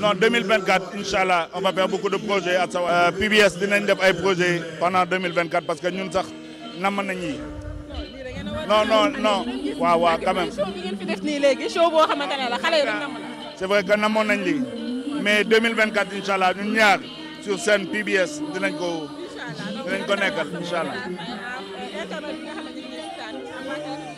non 2024 Inch'Allah, on va faire beaucoup de projets à sa. Euh, PBS dinañ def projets pendant 2024 parce que nous sax savons nañ non non non quand même. c'est vrai que nous nañ lii mais 2024 Inch'Allah, nous ñun sur scène PBS nous ko dinañ ko nekkal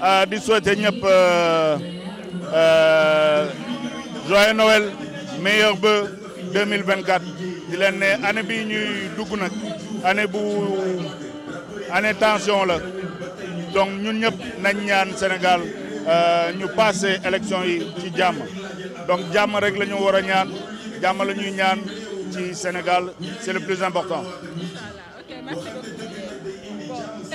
euh, di souhaiter euh, joyeux Noël meilleur ba 2024 il est né année bii ñuy dugg nag année bu année tension la donc ñun ñëpp nañ Sénégal nous euh, passé élection ici, ci donc Djam, rek la ñu ñaan Sénégal c'est le plus important. Voilà, merci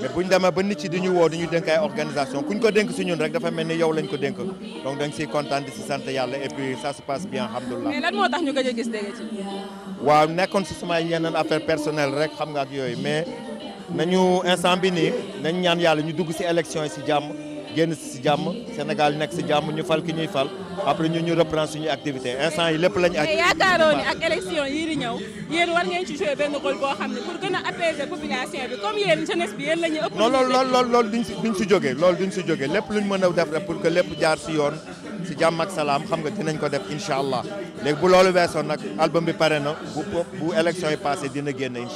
mais buñ dama demee ba nit ci diñu wo diñu dénk ay organisation kuñ ko dénk si ñun rek dafa melni yow lañ ko dénk donc dañ ci kontaan di si sant yàlla et puis ça se passe bien alhamdulilah. mais lan mo tax ñu gëjë gis dégg ci. waaw nekkon si sama yeneen affaire personnelle rek xam nga ak yoy mais nañu instant bi ni nañ ñaan yalla ñu dugg ci élection ci jamm génn si jàmm Sénégal nekk si jàmm ñu fal ki ñuy fal après ñu ñu reprend suñu activité instant yi lepp lañu. ak yaakaaroo ni ak élection yi di ñëw yéen war ngeen ci jouer benn rôle boo xam ne pour gën a apaiser population bi comme yéen jeunesse bi yéen la ñu ëpp. non loolu loolu loolu duñ si duñ si jógee loolu duñ si jógee lépp luñ mën a def rek pour que lépp jaar si yoon si jàmm ak salaam xam nga dinañ ko def incha allah léegi bu loolu weesoon nag album bi pare na bu bu élection yi passé dina génn